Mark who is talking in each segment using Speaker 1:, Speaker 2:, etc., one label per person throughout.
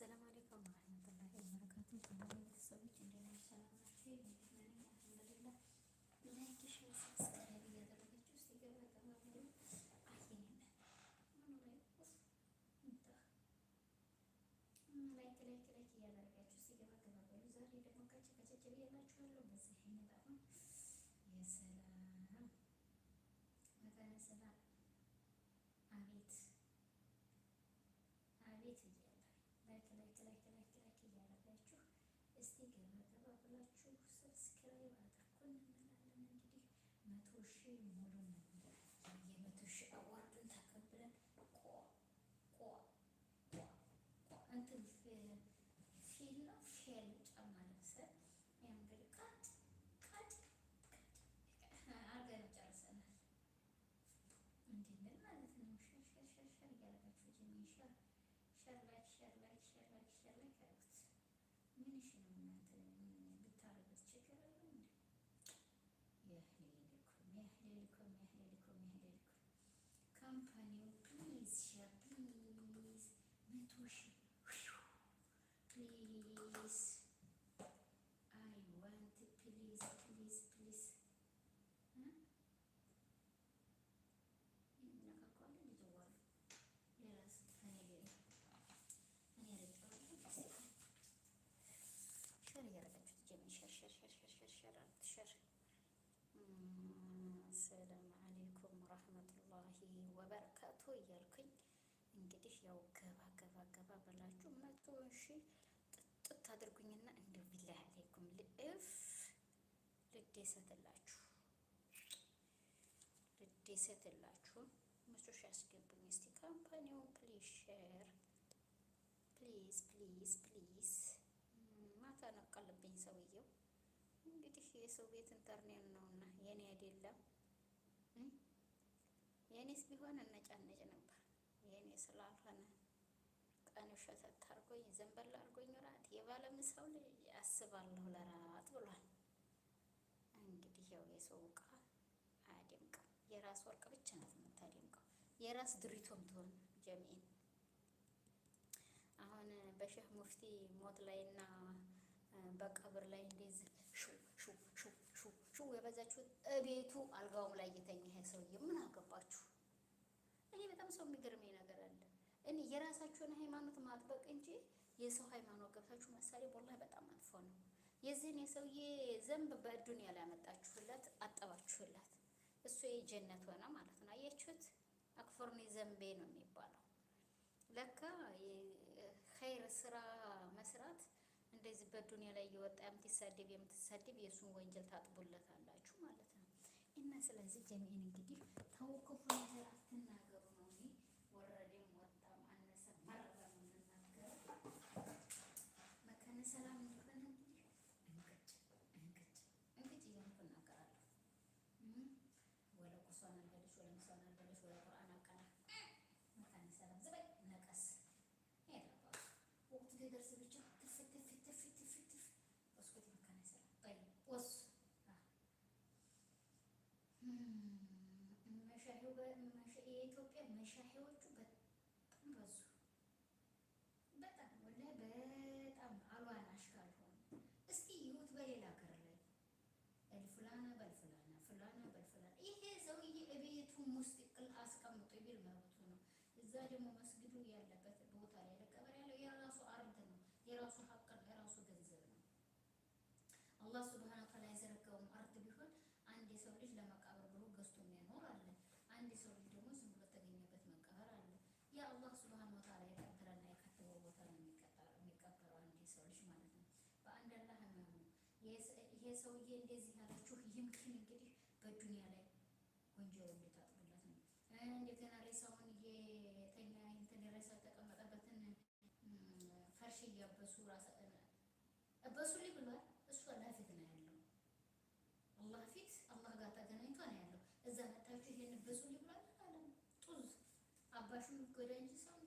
Speaker 1: አሰላሙ አለይኩም ወረህመቱላሂ ወበረካቱ። ቤተሰቦች ሰላም ናችሁ? አልሐምዱሊላህ ላይክ ሼር ሰብስክራይብ እያደረጋችሁ ላይክ ላይክ ላይክ እያደረጋችሁ ሲገባ ገባ ዛሬ ደግሞ ከች ከቸች ብያላችኋለሁ። በዚህ አይነት አሁን የሰላም መጠነ ሰላም እስቲ ገባ ገባ ብላችሁ ሰብስክራይብ አድርጉን እንላለን። እንግዲህ መቶ ሺህ ሙሉ የመቶ ሺህ አዋርዱን ተቀብለን እንትን ፊል ነው ፌል ጫማ ለብሰን ያው እንግዲህ ጨርሰናል። ማለት ነው። ሸር ሸር ሸር ሸር እያደረጋችሁ ሸር ሸር ላይክ ሸር ላይክ ሸር ላይክ ሸር ላይክ አድርጉት። ነው push. Please. I want please, please, please. ها؟ إنك كل اللي دور لراسك هني هني رجع شر يرجع تجي من شر شر شر شر شر شر شر السلام عليكم ورحمة الله وبركاته يا እንግዲህ ያው ገባ ገባ ገባ ብላችሁ መቶ ሺ ጥጥት አድርጉኝና እንደ ቢላህ አለይኩም ልእፍ ልደሰትላችሁ ልደሰትላችሁ። መቶ ሺ አስገቡኝ እስቲ ካምፓኒውን ፕሊዝ ሼር ፕሊዝ ፕሊዝ ፕሊዝ። ማታ ነቀልብኝ ሰውየው። እንግዲህ የሰው ቤት ኢንተርኔት ነውና የኔ አይደለም። የኔስ ቢሆን እነጫነጭ ነበር። የኔ ስላልሆነ ቀን ሸተት አርጎኝ ዘንበል አርጎኝ ራት የባለምሳው ልጅ አስባለሁ ለራት ብሏል። እንግዲህ ያው የሰው ዕቃ አያደምቅም። የራስ ወርቅ ብቻ ናት የምታደምቀው። የራስ ድሪቶም ትሆን ጀሚን አሁን በሼህ ሙፍቲ ሞት ላይና በቀብር ላይ እንደዚህ ሹ ሹ እቤቱ አልጋውም ላይ እየተኛ ይሄ ሰውዬ ምን አገባችሁ? እኔ በጣም ሰው የሚገርመኝ የራሳችሁን ሃይማኖት ማጥበቅ እንጂ የሰው ሃይማኖት ገብታችሁ መሳሌ ወላሂ በጣም አጥፎ ነው። የዚህን የሰውዬ ዘንብ በዱንያ ላይ ያመጣችሁለት አጠባችሁለት። እሱ የጀነት ሆነ ማለት ነው። አያችሁት? አክፈርኒ ዘንቤ ነው የሚባለው። ለካ ኸይር ስራ መስራት እንደዚህ በዱንያ ላይ እየወጣ የምትሳደብ የምትሳደብ የእሱን ወንጀል ታጥቡለት አላችሁ ማለት ነው። እና ስለዚህ ጀሚዕን እንግዲህ ተወከፉ ነገር አትናገር መሻሂው የኢትዮጵያ መሻሂዎቹ በጣም በዙ። በጣም ወላሂ በጣም አልዋናሽ ካልሆነ እስቲ ይሁት በሌላ ሀገር ላይ በልፍላና በልፍላና ፍላና በልፍላና ይሄ ዘውዬ እቤቱም ውስጥ ቅል አስቀምጦ ቢል መብቱ ነው። እዛ ደግሞ መስጊዱ ያለበት ቦታ ላይ ለቀበር ያለው የራሱ አርድ ነው፣ የራሱ ሀቅ ነው፣ የራሱ ገንዘብ ነው። አላህ ስብሃነ ወተዓላ የዘረጋውም አርድ ቢሆን አንድ የሰው ልጅ ለማ ይሄ ሰውዬ እንደዚህ ያለችሁ ይምክን እንግዲህ በዱንያ ላይ ወንጀሉ እንድታጥብለት ነው። እንደገና ሬሳውን የተኛ እንትን ሬሳ የተቀመጠበትን ፈርሽ እያበሱ ብሏል። እሱ አላህ ፊት ነው ያለው። አላህ ፊት አላህ ጋር ተገናኝቶ ነው ያለው። እዛ መጣችሁ ይሄን እበሱልኝ ብሏል ጡዝ ጎዳ እንጂ ሰው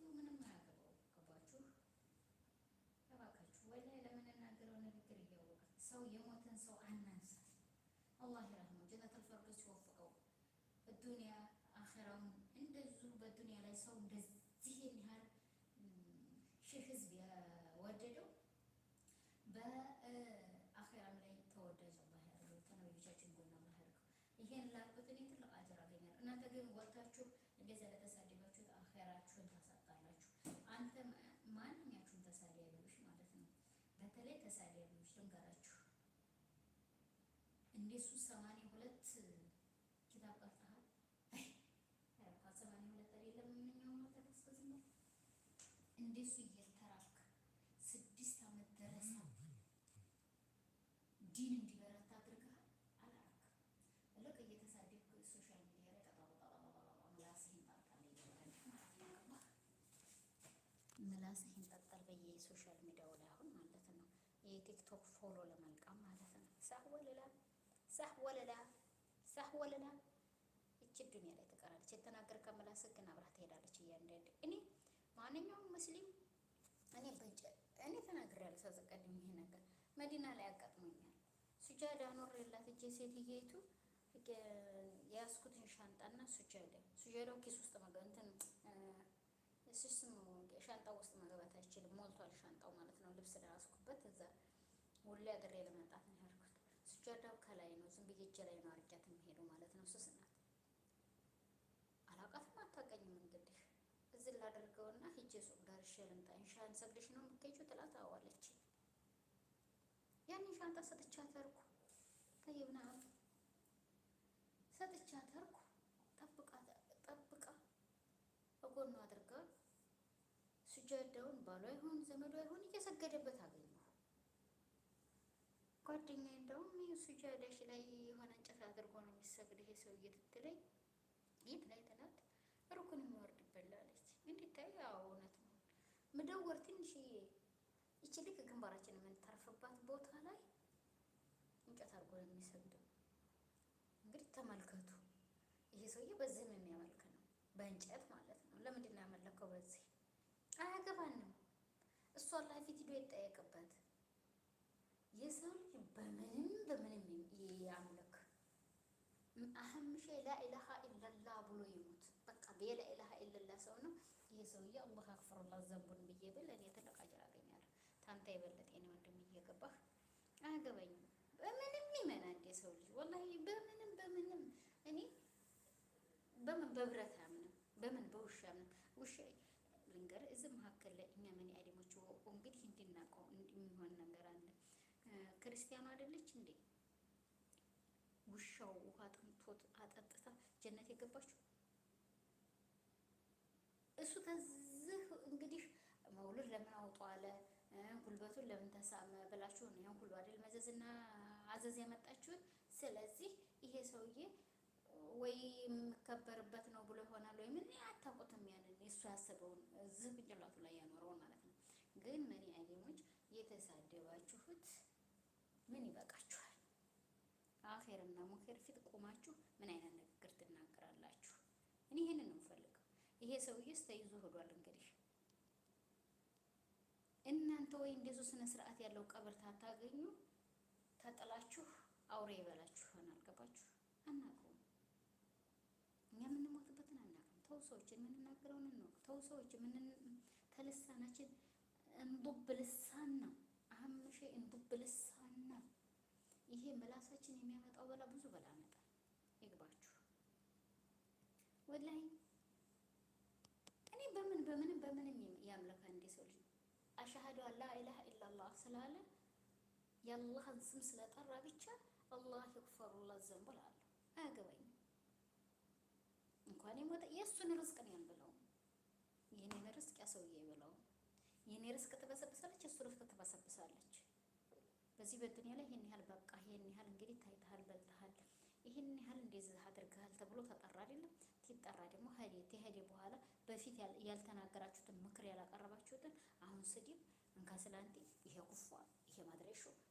Speaker 1: ሰው የሞተን ሰው አናንሳት። አላህ ይረህመው ጀነቱል ፈርዶስ ይወፍቀው። ዱንያ አኸራውን እንደዚሁ በዱንያ ላይ ሰው እንደዚህ የሚያህል ሺህ ህዝብ የወደደው በአኸራም ላይ ተወዳጅ አላህ ያደርገው። ከነብዮቻችን ጎን ይሄን ላልኩት እኔ ትልቅ አጀር አገኛለሁ። እናንተ ግን ወጥታችሁ እንደዚያ ለተሳደባችሁት አኸራችሁን ታሳጣላችሁ። አንተ ማንኛችሁም ተሳዳቢዎች ማለት ነው። በተለይ የእሱ ሰማንያ ሁለት ኪታብ ቀርተሃል። ሰማንያ ሁለት አይደለም የምንኛው ነው ተከስከዝ ነው እንደሱ እየተራክ ስድስት ዓመት ዲን እንዲበረታ አድርገሃል። አላራክ ለቅ እየተሳደብክ ሶሻል ሚዲያ ላይ ምላስህን ጠጣል ምላስህን ጠጣል በየሶሻል ሚዲያው ላይ አሁን ማለት ነው የቲክቶክ ፎሎ ለመልቃም ማለት ነው ሳወልላል ሳህ ወለላ ሳህ ወለላ ይቺ ዱንያ ላይ ትቀራለች። የተናገርከ ምላስህ ግን አብራ ትሄዳለች። እያንዳንድ እኔ ማንኛውም ሙስሊም እኔ በእንጨ እኔ ተናግሬያለሁ። ሳዘቀድም ይሄ ነገር መዲና ላይ አጋጥሞኛል። ሱጃዳ ኖር የላት እጄ ሴትዬቱ የያዝኩትን ሻንጣና ሱጃዳ ሱጃዳው ኪስ ውስጥ መግባት ስስም ሻንጣው ውስጥ መግባት አይችልም። ሞልቷል ሻንጣው ማለት ነው። ልብስ ላያዝኩበት እዛ ሁሉ አድሬ ለመምጣት ጀርዳው ከላይ ነው። ዝም ብዬ እጄ ላይ ነው አርጃት የምሄደው ማለት ነው። ስስ ናት፣ አላውቃትም፣ አታውቀኝም። እንግዲህ እዚህ ላደርገውና ሂጄ ሱቅ ደርሼ ልምጣ። ኢንሻን ሰግደሽ ነው የምትሄጂው ትላት አዋለች። ያን ሻንጣ ሰጥቻት ተርኩ ጠይብና ሰጥቻት ተርኩ ጠብቃ እጎኗ አድርጋ ሱጃዳውን ባሏ ይሁን ዘመዷ ይሁን እየሰገደበት አገኘ ጓደኛ እንደውም ሱጃዳሽ ላይ የሆነ እንጨት አድርጎ ነው የሚሰግድ ይሄ ሰውዬ ትትለኝ የት ላይ ትላት ሩኩን የሚወርድበት ላለች እንዲታይ ያው እውነት ነው ምደወር ትንሽ ይቺ ልክ ግንባራችን የምንታርፍባት ቦታ ላይ እንጨት አድርጎ ነው የሚሰግደው። እንግዲህ ተመልከቱ፣ ይሄ ሰውዬ በዚህም የሚያመልክ ነው፣ በእንጨት ማለት ነው። ለምንድን ነው ያመለከው? በዚህ አያገባንም። እሷ አላህ ፊት ሂዶ ይጠየቅበት። የሰው ልጅ በምንም በምንም ያምልክ አህምሽ ላኢላሃ ኢለላ ብሎ ይሙት። በቃ የላኢላሃ ኢለላ ሰው ነው ይሄ ሰውዬ። አላህ አክፍርላ ዘንቡን ብዬ ብል እኔ ትልቅ አጀር አገኛለሁ። ታንታ የበለጠ ኔ ወንድም እየገባህ አያገባኝም። በምንም ይመና እንደ ልጅ ወላሂ በምንም በምንም እኔ በምን በብረት አምንም በምን በውሻ አምንም ውሻ ልንገር እዚህ መካከል ላይ እኛ ምን ያደሞች እንግዲህ እንድናውቀው የሚሆን ነገር አለ ክርስቲያኑ አይደለች እንዴ? ውሻው ውሃ አጥምቶት አጠጥታ ጀነት የገባችው እሱ። ከዚህ እንግዲህ መውሉድ ለምን አውጡ አለ፣ ጉልበቱን ለምን ተሳመ ብላችሁ ነው ያን ሁሉ አይደል መዘዝና አዘዝ ያመጣችሁት። ስለዚህ ይሄ ሰውዬ ወይ የምከበርበት ነው ብሎ ይሆናል ወይ ምን አታውቁትም። ያንን እሱ ያስበውን እዚህ ጭንቅላቱ ላይ ያኖረውን ማለት ነው። ግን ምን አይሞች የተሳደባችሁት ምን ይበቃችኋል? አኼርና ሞኬር ፊት ቆማችሁ ምን አይነት ንግግር ትናገራላችሁ? እኔ ይህንን ነው የምፈልገው። ይሄ ሰውዬስ ተይዞ ሄዷል። እንግዲህ እናንተ ወይ እንደዚሁ ስነ ስርዓት ያለው ቀብር ታታገኙ ተጥላችሁ አውሬ ይበላችሁ ይሆናል። ገባችሁ? አናውቀውም። እኛ የምንሞትበትን አናውቅም። ተው ሰዎች የምንናገረውን እንወቅ። ተው ሰዎች ተልሳናችን እንዱብ ልሳን ነው አህምሽ እንዱብ ልሳን ይሄ ምላሳችን የሚያመጣው በላ ብዙ በላ ያመጣል። ይግባችሁ ወላሂ እኔ በምን በምንም በምንም ያምለካ እንደ ሰው ልጅ አሻሃዱ አላ ኢላሃ ኢላላህ ስላለ የአላህን ስም ስለጠራ ብቻ አላህ ይክፈሩላት ዘንብ እላለሁ። አያገባኝም እንኳን የሞተ የእሱን ርዝቅ ነው ያልበላውም የኔን ርዝቅ ያ ሰውዬ የኔ ርዝቅ ትበሰብሳለች፣ የእሱ ርዝቅ ትበሰብሳለች። በዚህ በዱኒያ ላይ ይህን ያህል በቃ ይህን ያህል እንግዲህ ታይተሃል፣ በልተሃል፣ ይህን ያህል እንደዚህ አድርገሃል ተብሎ ተጠራ አይደለም። ሲጠራ ደግሞ ሄዴ በኋላ በፊት ያልተናገራችሁትን ምክር ያላቀረባችሁትን አሁን ስድብ እንካ ስላንቴ ይሄ ኩፏ ይሄ ማድረሾ